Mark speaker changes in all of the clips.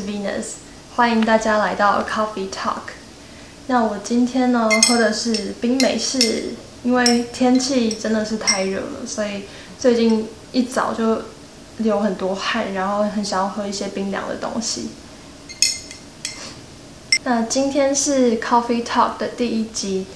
Speaker 1: Venus，歡迎大家來到 Coffee Talk。那我今天呢，喝的是冰美式，因為天氣真的是太熱了，所以最近一早就流很多汗，然後很想要喝一些冰涼的東西。那今天是 Coffee Talk 的第一集。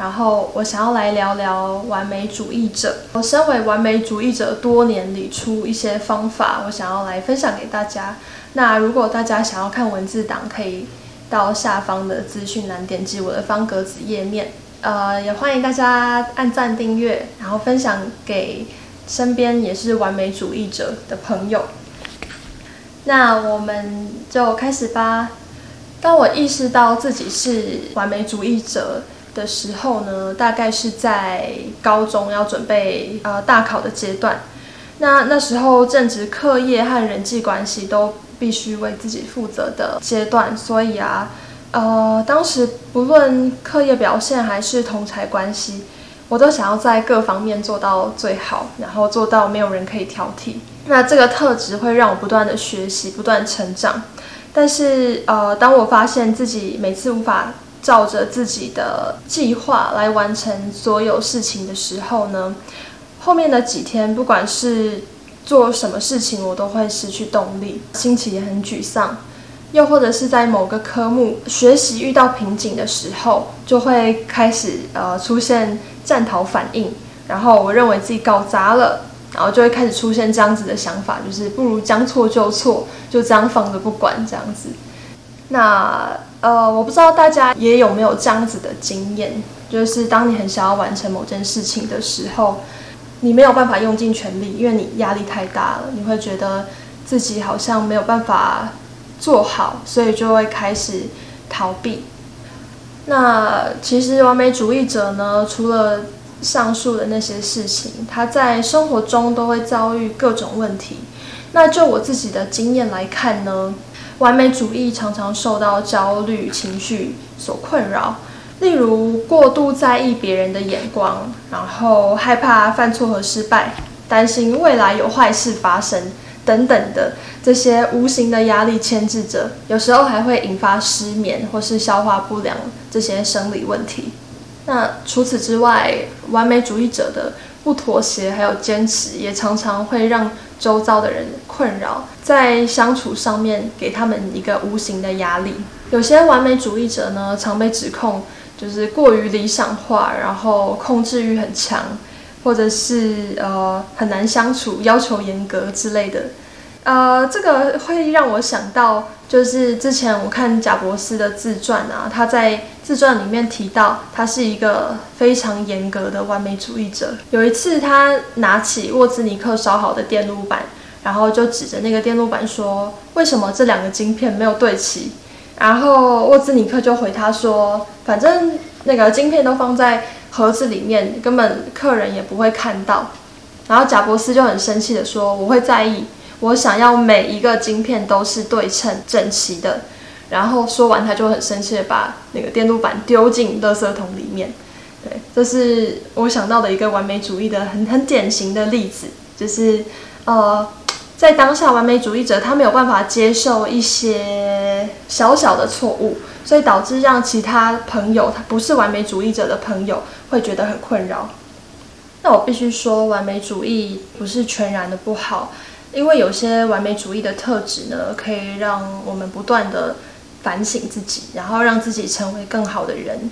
Speaker 1: 然後我想要來聊聊完美主義者。我身為完美主義者多年悟出一些方法，我想要來分享給大家。那如果大家想要看文字檔，可以到下方的資訊欄點擊我的方格子頁面。呃，也歡迎大家按讚訂閱，然後分享給身邊也是完美主義者的朋友。那我們就開始吧。當我意識到自己是完美主義者的時候呢，大概是在高中要準備呃大考的階段。那那時候正值課業和人際關係都必須為自己負責的階段，所以啊，呃，當時不論課業表現還是同儕關係，我都想要在各方面做到最好，然後做到沒有人可以挑剔。那這個特質會讓我不斷的學習，不斷成長。但是呃，當我發現自己每次無法照着自己的計劃來完成所有事情的時候呢，後面的幾天，不管是做什麼事情，我都會失去動力，心情也很沮喪。又或者是在某個科目學習遇到瓶頸的時候，就會開始呃出現戰逃反應，然後我認為自己搞砸了，然後就會開始出現這樣子的想法，就是不如將錯就錯，就這樣放着不管，這樣子。那。呃，我不知道大家也有沒有這樣子的經驗，就是當你很想要完成某件事情的時候，你沒有辦法用盡全力，因為你壓力太大了，你會覺得自己好像沒有辦法做好，所以就會開始逃避。那其實完美主義者呢，除了上述的那些事情，他在生活中都會遭遇各種問題。那就我自己的經驗來看呢。完美主義常常受到焦慮情緒所困擾，例如過度在意別人的眼光，然後害怕犯錯和失敗，擔心未來有壞事發生等等的這些無形的壓力牽制着，有時候還會引發失眠或是消化不良這些生理問題。那除此之外，完美主義者的不妥協，還有堅持，也常常會讓周遭的人困擾，在相處上面給他們一個無形的壓力。有些完美主義者呢，常被指控就是過於理想化，然後控制慾很強，或者是呃很難相處，要求嚴格之類的。呃，這個會讓我想到，就是之前我看賈伯斯的自傳啊，他在自傳裡面提到，他是一個非常嚴格的完美主義者。有一次，他拿起沃茲尼克燒好的電路板，然後就指着那個電路板說：“為什麼這兩個晶片沒有對齊？”然後沃茲尼克就回他說：“反正那個晶片都放在盒子裡面，根本客人也不會看到。”然後賈伯斯就很生氣的說：“我會在意。”我想要每一個晶片都是對稱、整齊的。然後說完，他就很生氣地把那個電路板丟進垃圾桶裡面。對，這是我想到的一個完美主義的很很典型的例子，就是呃，在當下完美主義者他沒有辦法接受一些小小的錯誤，所以導致讓其他朋友，他不是完美主義者的朋友會覺得很困擾。那我必須說，完美主義不是全然的不好。因為有些完美主義的特質呢，可以讓我們不斷的反省自己，然後讓自己成為更好的人。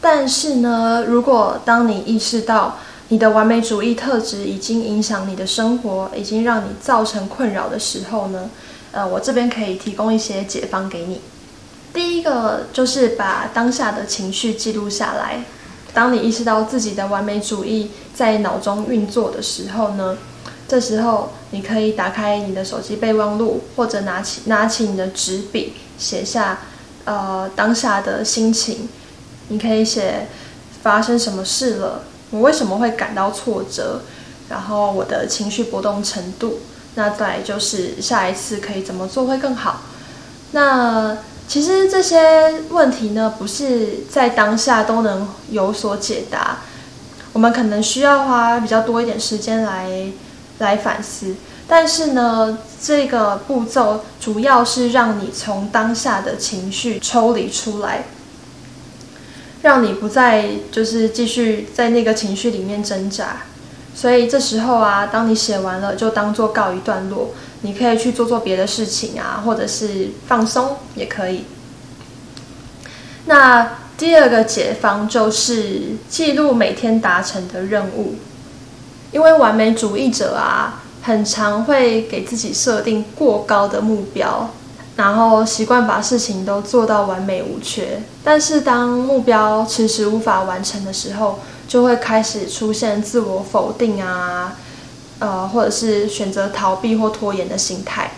Speaker 1: 但是呢，如果當你意識到你的完美主義特質已經影響你的生活，已經讓你造成困擾的時候呢，呃，我這邊可以提供一些解方給你。第一個就是把當下的情緒記錄下來。當你意識到自己的完美主義在腦中運作的時候呢，這時候，你可以打開你的手機備忘錄，或者拿起拿起你的紙筆，寫下，呃，當下的心情。你可以寫發生什麼事了，我為什麼會感到挫折，然後我的情緒波動程度。那再就是下一次可以怎麼做會更好。那其實這些問題呢，不是在當下都能有所解答，我們可能需要花比較多一點時間來。來反思，但是呢，這個步驟主要是讓你從當下的情緒抽離出來，讓你不再就是繼續在那個情緒裡面掙扎。所以這時候啊，當你寫完了，就當做告一段落，你可以去做做別的事情啊，或者是放鬆也可以。那第二個解方就是記錄每天達成的任務。因為完美主義者啊，很常會給自己設定過高的目標，然後習慣把事情都做到完美無缺。但是當目標遲遲無法完成的時候，就會開始出現自我否定啊，呃，或者是選擇逃避或拖延的心態。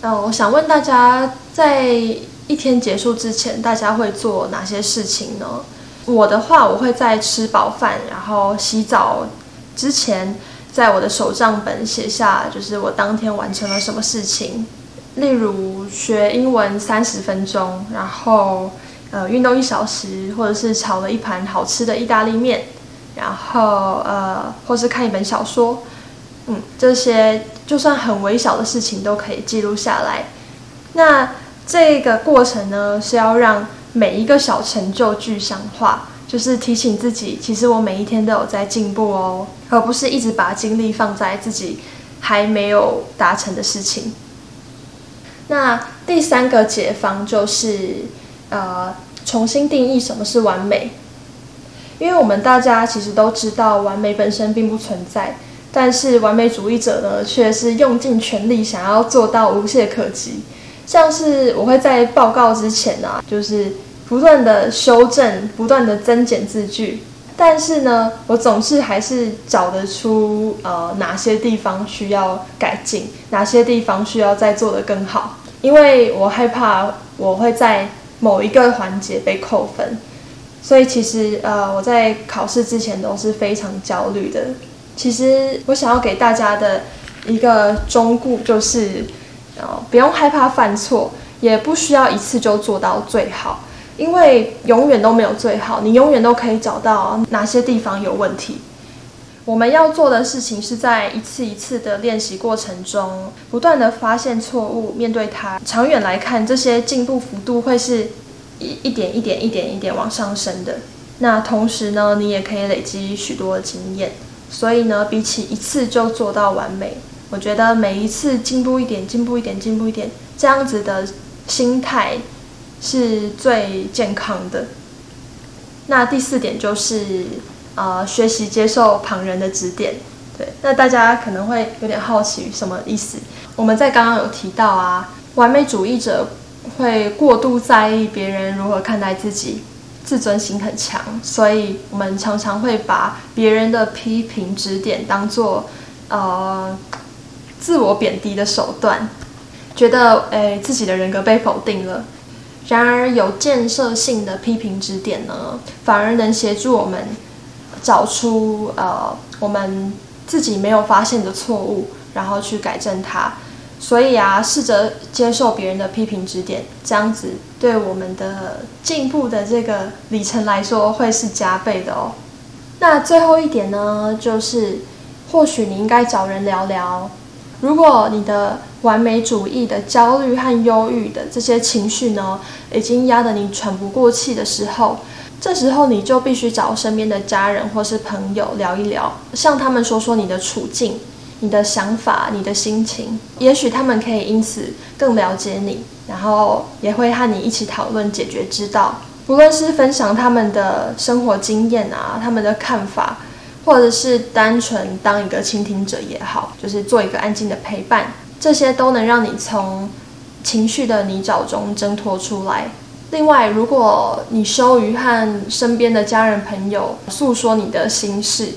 Speaker 1: 那我想問大家，在一天結束之前，大家會做哪些事情呢？我的話，我會在吃飽飯，然後洗澡。之前在我的手賬本寫下，就是我當天完成了什麼事情，例如學英文三十分鐘，然後呃運動一小時，或者是炒了一盤好吃的意大利麵，然後呃或是看一本小說，嗯，這些就算很微小的事情都可以記錄下來。那這個過程呢，是要讓每一個小成就具象化。就是提醒自己，其實我每一天都有在進步哦，而不是一直把精力放在自己還沒有達成的事情。那第三個解方就是，呃，重新定義什麼是完美。因為我們大家其實都知道，完美本身並不存在，但是完美主義者呢，卻是用盡全力想要做到無懈可擊。像是我會在報告之前啊，就是。不斷的修正，不斷的增減字句，但是呢，我總是還是找得出呃，哪些地方需要改進，哪些地方需要再做得更好，因為我害怕我會在某一個環節被扣分，所以其實，呃，我在考試之前都是非常焦慮的。其實我想要給大家的一個忠告就是，呃，不用害怕犯錯，也不需要一次就做到最好。因為永遠都沒有最好，你永遠都可以找到哪些地方有問題。我們要做的事情是在一次一次的練習過程中，不斷的發現錯誤，面對它。長遠來看，這些進步幅度會是一一點一點一點一點往上升的。那同時呢，你也可以累積許多的經驗。所以呢，比起一次就做到完美，我覺得每一次進步一點，進步一點，進步一點，這樣子的心態。是最健康的。那第四點就是，呃，學習接受旁人的指點。對，那大家可能會有點好奇什麼意思？我們在剛剛有提到啊，完美主義者會過度在意別人如何看待自己，自尊心很強，所以我們常常會把別人的批評指點當做，呃，自我貶低的手段，覺得誒、欸、自己的人格被否定了。然而，有建設性的批評指點呢，反而能協助我們找出呃我們自己沒有發現的錯誤，然後去改正它。所以啊，試着接受別人的批評指點，這樣子對我們的進步的這個里程來說，會是加倍的哦。那最後一點呢，就是或許你應該找人聊聊，如果你的。完美主義的焦慮和憂鬱的這些情緒呢，已經壓得你喘不過氣的時候，這時候你就必須找身邊的家人或是朋友聊一聊，向他們說說你的處境、你的想法、你的心情，也許他們可以因此更了解你，然後也會和你一起討論解決之道。不論是分享他們的生活經驗啊、他們的看法，或者是單純當一個傾聽者也好，就是做一個安靜的陪伴。這些都能讓你從情緒的泥沼中掙脫出來。另外，如果你羞於和身邊的家人朋友訴說你的心事，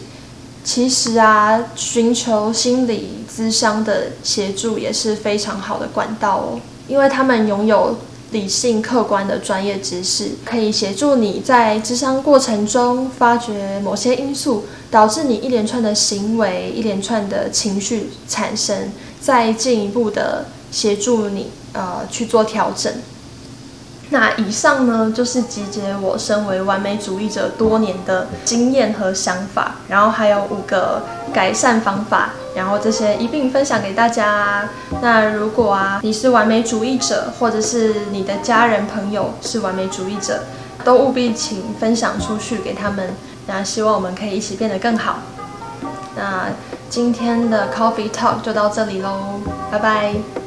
Speaker 1: 其實啊，尋求心理諮商的協助也是非常好的管道哦，因為他們擁有理性客觀的專業知識，可以協助你在諮商過程中發掘某些因素。導致你一連串的行為，一連串的情緒產生，再進一步的協助你，呃，去做調整。那以上呢，就是集結我身為完美主義者多年的經驗和想法，然後還有五個改善方法，然後這些一併分享給大家啊。那如果啊，你是完美主義者，或者是你的家人朋友是完美主義者，都務必請分享出去給他們。那希望我們可以一起變得更好。那今天的 Coffee Talk 就到這裡嘍，拜拜。